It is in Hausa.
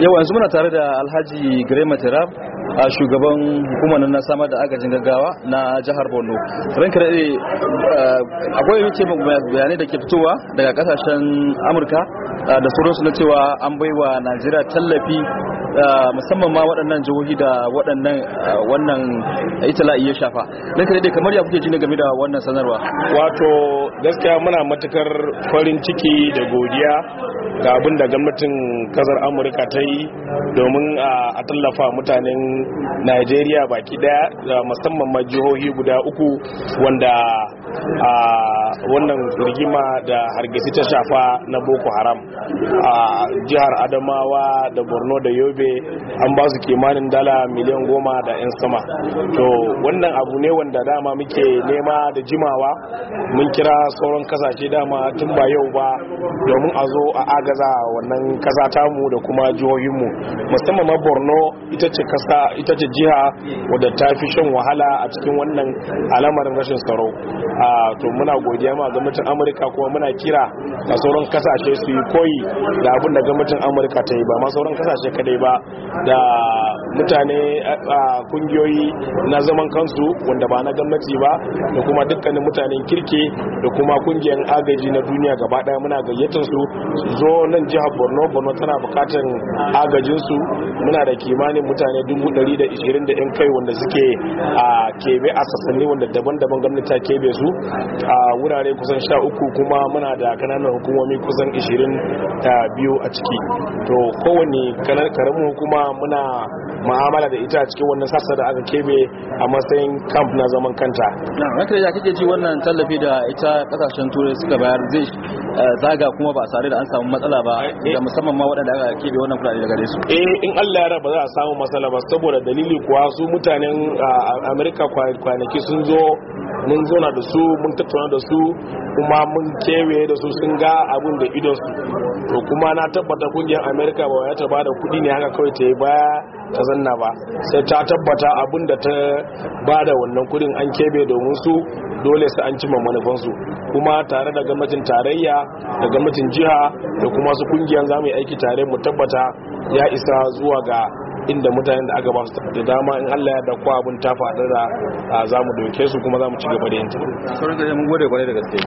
yau yanzu muna tare da alhaji grema tirab a shugaban hukumar na samar da agajin gaggawa na jihar borno ranka da eh, akwai yake bayanai da ke fitowa daga kasashen amurka Ah, da sauransu na cewa an baiwa najeriya tallafi ah, musamman ma waɗannan jihohi da waɗannan ah, wannan itila'i ya shafa na kare kamar ya kuke jini game da wannan sanarwa wato gaskiya muna matukar farin ciki da godiya ga abin da gwamnatin kasar amurka ta yi domin a tallafa mutanen najeriya baki daya musamman ma jihohi guda uku wanda wannan rigima da hargitsi ta shafa na boko haram a jihar adamawa da borno da yobe an ba su kimanin dala miliyan goma da 'yan sama to wannan abu ne wanda dama muke nema da jimawa mun kira sauran kasashe dama tun ba yau ba domin a zo a agaza wannan kasa mu da kuma jihohinmu musamman ma borno ita ce jiha wadda ta fi shan wahala a cikin wannan alamarin rashin tsaro to muna godiya kiyama gwamnatin amurka kuma muna kira da sauran kasashe su yi koyi da abin da gwamnatin amurka ta yi ba ma sauran kasashe kadai ba da mutane a kungiyoyi na zaman kansu wanda ba na gwamnati ba da kuma dukkanin mutanen kirki da kuma kungiyar agaji na duniya gaba daya muna gayyatar su zo nan jihar borno borno tana bukatar agajinsu su muna da kimanin mutane 120 da yan kai wanda suke a kebe a sassanni wanda daban-daban gwamnati ta kebe su a wurare kusan sha uku kuma muna da kananan hukumomi kusan 22 a ciki to kowane karamin hukuma muna mu'amala da ita a cikin wannan sassa da aka kebe a matsayin camp na zaman kanta na ranka da kake ji wannan tallafi da ita kasashen turai suka bayar zai eh, zaga kuma ba tare da an samu matsala ba eh, eh. da musamman ma waɗanda aka kebe wannan kuɗaɗe daga gare su in Allah ya raba za a samu matsala ba saboda dalili kuwa su mutanen Amerika kwanaki sun zo mun zauna da su mun tattauna da su kuma mun kewaye da su sun ga abin da idon su to kuma na tabbata kungiyar america ba ya ta bada kudi ne haka kawai ta yi baya ta zanna ba sai ta tabbata abin da ta bada wannan kudin an kebe domin su dole su an cimma manufansu kuma tare da gwamnatin tarayya da gwamnatin jiha da kuma su kungiyar zamuyi aiki tare mu tabbata ya isa zuwa ga inda mutanen da aka ba su da dama in Allah ya dakwa abin ta faɗa da za mu doke su kuma za mu ci gaba da yin